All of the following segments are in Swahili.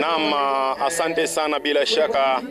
Naam, uh, asante sana. Bila shaka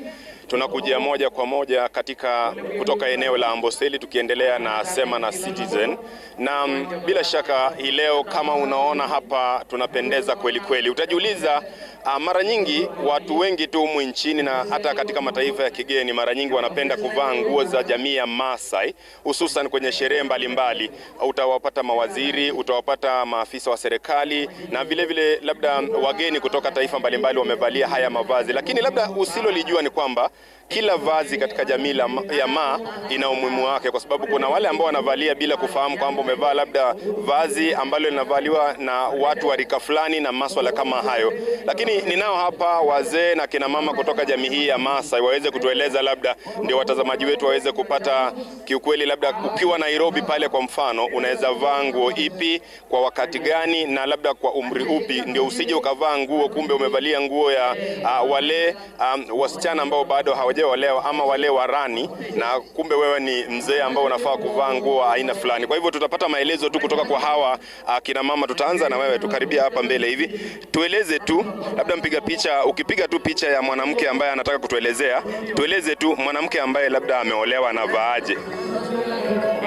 tunakuja moja kwa moja katika kutoka eneo la Amboseli tukiendelea na Sema na Citizen, na bila shaka hii leo kama unaona hapa tunapendeza kweli kweli, utajiuliza Ah, mara nyingi watu wengi tu humu nchini na hata katika mataifa ya kigeni, mara nyingi wanapenda kuvaa nguo za jamii ya Maasai, hususan kwenye sherehe mbalimbali. Utawapata mawaziri, utawapata maafisa wa serikali na vile vile labda wageni kutoka taifa mbalimbali wamevalia haya mavazi, lakini labda usilolijua ni kwamba kila vazi katika jamii ya Maa ina umuhimu wake, kwa sababu kuna wale ambao wanavalia bila kufahamu kwamba umevaa labda vazi ambalo linavaliwa na watu wa rika fulani na maswala kama hayo. Lakini ninao hapa wazee na kina mama kutoka jamii hii ya Maasai waweze kutueleza, labda ndio watazamaji wetu waweze kupata kiukweli, labda ukiwa Nairobi pale kwa mfano, unaweza vaa nguo ipi kwa wakati gani na labda kwa umri upi, ndio usije ukavaa nguo kumbe umevalia nguo ya uh, wale um, wasichana ambao bado hawa unangojea wale ama wale warani, na kumbe wewe ni mzee ambao unafaa kuvaa nguo aina fulani. Kwa hivyo tutapata maelezo tu kutoka kwa hawa akina ah, mama. Tutaanza na wewe, tukaribia hapa mbele hivi, tueleze tu labda, mpiga picha, ukipiga tu picha ya mwanamke ambaye anataka kutuelezea, tueleze tu mwanamke ambaye labda ameolewa anavaaje?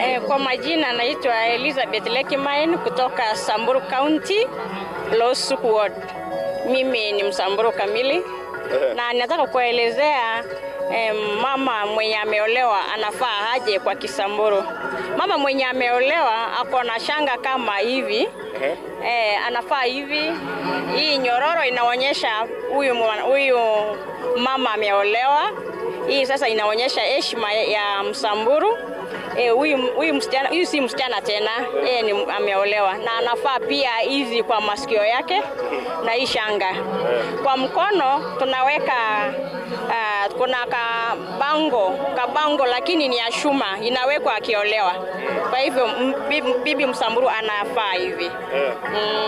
Eh, kwa majina naitwa Elizabeth Lekimain kutoka Samburu County, Losu Ward. Mimi ni Msamburu kamili na nataka kuelezea eh, mama mwenye ameolewa anafaa aje kwa Kisamburu. Mama mwenye ameolewa ako na shanga kama hivi okay. Eh, anafaa hivi. Hii nyororo inaonyesha huyu huyu mama ameolewa. Hii sasa inaonyesha heshima ya Msamburu. Eh, huyu huyu msichana huyu si msichana tena e, ni ameolewa na anafaa pia hizi kwa masikio yake na hii shanga kwa mkono tunaweka uh, kuna kabango kabango, lakini ni ya shuma inawekwa akiolewa. Kwa hivyo bibi Msamburu anafaa hivi. Eh.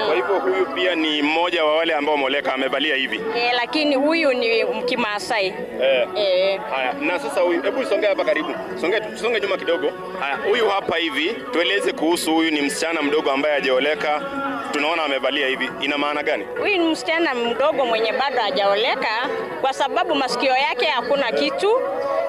Kwa hivyo huyu pia ni mmoja wa wale ambao Moleka amevalia hivi. Eh, lakini huyu ni Kimaasai. Eh. Eh. Haya, na sasa huyu hebu songea hapa karibu. Songe songe nyuma kidogo. Haya, huyu hapa hivi, tueleze kuhusu huyu ni msichana mdogo ambaye hajaoleka tunaona amevalia hivi, ina maana gani? Huyu ni msichana mdogo mwenye bado hajaoleka, kwa sababu masikio yake hakuna kitu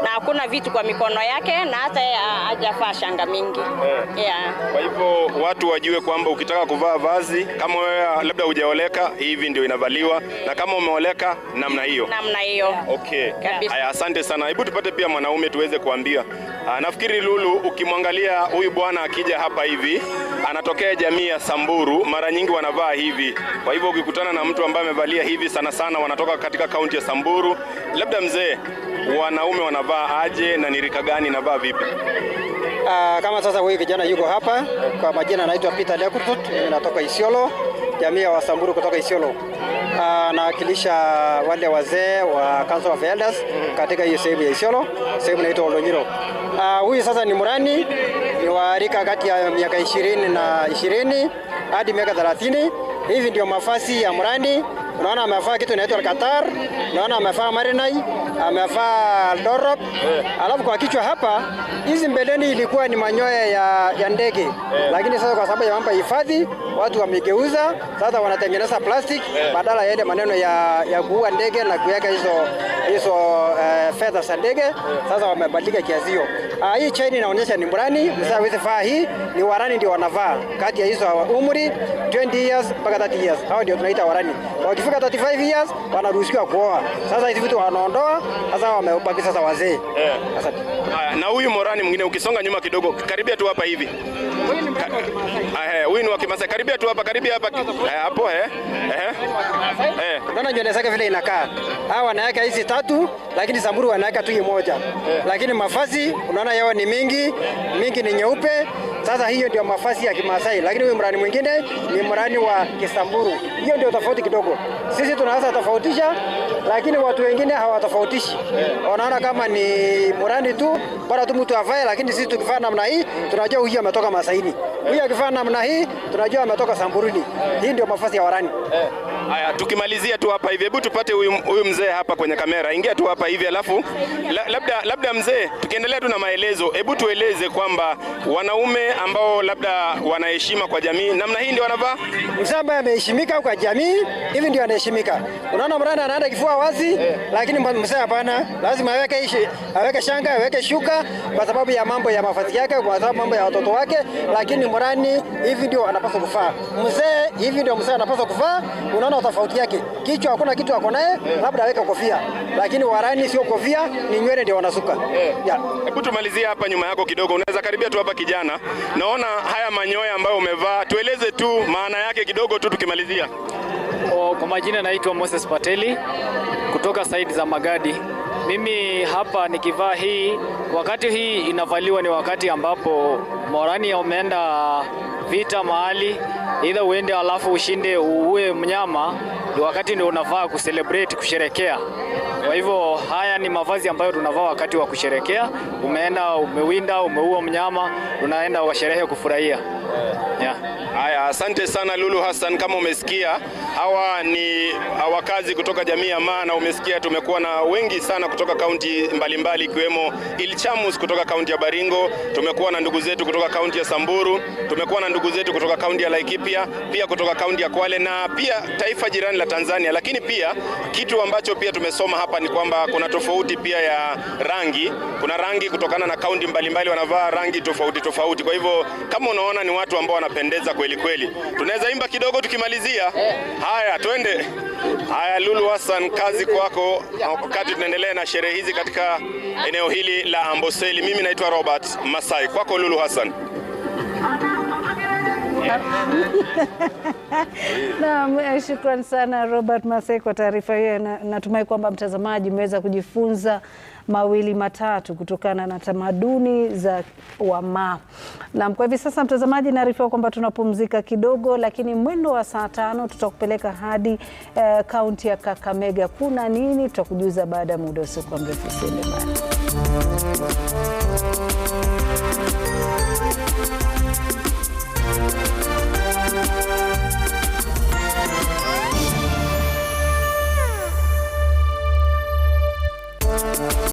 na hakuna vitu kwa mikono yake na hata hajafaa shanga mingi yeah. Yeah. Kwa hivyo watu wajue kwamba ukitaka kuvaa vazi kama wewe labda hujaoleka hivi ndio inavaliwa yeah. na kama umeoleka namna hiyo namna hiyo yeah. Okay. Aya, asante sana. Hebu tupate pia mwanaume tuweze kuambia. Aa, ah, nafikiri Lulu, ukimwangalia huyu bwana akija hapa hivi anatokea jamii ya Samburu, mara nyingi wanavaa hivi. Kwa hivyo ukikutana na mtu ambaye amevalia hivi, sana sana wanatoka katika kaunti ya Samburu. Labda mzee, wanaume wanavaa aje na ni rika gani navaa vipi? Uh, kama sasa huyu kijana yuko hapa, kwa majina anaitwa Peter Lekutut, natoka Isiolo, jamii ya Wasamburu kutoka Isiolo. Anawakilisha ah, wale wazee wa Council of Elders katika hiyo sehemu ya Isiolo, sehemu inaitwa Olonyiro. Ah, huyu sasa ni Murani ni kati ya miaka ishirini na ishirini hadi miaka thelathini. Hivi ndio mafasi ya mradi. Unaona amevaa kitu inaitwa Qatar, unaona amevaa Marinai, amevaa Dorop. Yeah. Alafu kwa kichwa hapa, hizi mbeleni ilikuwa ni manyoya ya, ya ndege yeah. Lakini sasa kwa sababu ya mambo ya hifadhi watu wamegeuza, sasa wanatengeneza plastic yeah. Badala ya ile maneno ya, ya kuua ndege na kuweka hizo hizo uh, eh, fedha za ndege yeah. Sasa wamebadilika kiasi hiyo. Uh, ah, hii chain inaonyesha ni mrani msaa hizi faa hii, ni warani ndio wanavaa kati ya hizo umri 20 years mpaka 30 years, hao ndio tunaita warani wakifu wakifika 35 years wanaruhusiwa kuoa. Sasa hizi vitu wanaondoa, sasa wamebaki sasa wazee. Yeah. Sasa haya, na huyu morani mwingine ukisonga nyuma kidogo, karibia tu hapa hivi. Huyu ni ah, eh, wa Kimasai, karibia tu hapa, karibia hapa eh, hapo eh. Eh. eh. Unaona nywele zake vile inakaa. Hawa wanaweka hizi tatu, lakini Samburu wanaweka tu moja. Lakini mavazi unaona yao ni mingi, mingi ni nyeupe sasa hiyo ndio mafasi ya Kimasai, lakini huyu mrani mwingine ni mrani wa Kisamburu. Hiyo ndio tofauti kidogo. Sisi tunaweza tofautisha, lakini watu wengine hawatofautishi, wanaona kama ni mrani tu, bora tu mtu avae. Lakini sisi tukivaa namna hii tunajua huyu ametoka Masaini, huyu akivaa namna hii tunajua ametoka Samburuni. Hii ndio mafasi ya Warani. Haya, tukimalizia tu hapa hivi, hebu tupate huyu mzee hapa kwenye kamera, ingia tu hapa hivi alafu la, labda, labda mzee, tukiendelea tu na maelezo, hebu tueleze kwamba wanaume ambao labda wanaheshima kwa jamii namna hii ndio wanavaa mzee ambaye ameheshimika kwa jamii, hivi ndio anaheshimika. Unaona mrana anaenda kifua wazi yeah, lakini mzee hapana, lazima aweke aweke shanga, aweke shuka kwa sababu ya mambo ya mafasi yake, kwa sababu mambo ya watoto wake, lakini mrani hivi ndio anapaswa kuvaa mzee, hivi ndio mzee anapaswa kuvaa. Unaona tofauti yake. Kichwa hakuna kitu ako naye yeah. Labda aweka kofia, lakini Warani sio kofia, ni nywele ndio wanasuka yeah. yeah. Hebu tumalizie hapa nyuma yako kidogo, unaweza karibia tu hapa kijana, naona haya manyoya ambayo umevaa, tueleze tu maana yake kidogo tu tukimalizia. Oh, kwa majina naitwa Moses Pateli kutoka saidi za Magadi. Mimi hapa nikivaa hii, wakati hii inavaliwa ni wakati ambapo Morani ameenda vita mahali, either uende alafu ushinde uue mnyama, ndio wakati ndio unavaa kucelebrate, kusherekea. Kwa hivyo haya ni mavazi ambayo tunavaa wakati wa kusherekea. Umeenda umewinda, umeua mnyama, unaenda washerehe kufurahia. Yeah. Haya, asante sana Lulu Hassan. Kama umesikia, hawa ni wakazi kutoka jamii ya Maa na umesikia tumekuwa na wengi sana kutoka kaunti mbalimbali ikiwemo Ilchamus kutoka kaunti ya Baringo, tumekuwa na ndugu zetu kutoka kaunti ya Samburu, tumekuwa na ndugu zetu kutoka kaunti ya Laikipia, pia kutoka kaunti ya Kwale na pia taifa jirani la Tanzania. Lakini pia kitu ambacho pia tumesoma hapa ni kwamba kuna tofauti pia ya rangi, kuna rangi kutokana na kaunti mbalimbali wanavaa rangi tofauti tofauti. Kwa hivyo kama unaona ni watu ambao wanapendeza kweli kweli. Tunaweza imba kidogo tukimalizia? Haya, twende. Haya, Lulu Hassan, kazi kwako, wakati tunaendelea na sherehe hizi katika eneo hili la Amboseli. Mimi naitwa Robert Masai, kwako Lulu Hassan. Naam, eh, shukran sana Robert Masai kwa taarifa hiyo. Natumai kwamba mtazamaji umeweza kujifunza mawili matatu kutokana na tamaduni za Wamaa. Naam, kwa hivi sasa mtazamaji, naarifiwa kwamba tunapumzika kidogo, lakini mwendo wa saa tano tutakupeleka hadi eh, kaunti ya Kakamega. Kuna nini? Tutakujuza baada ya muda usio mrefu. sana.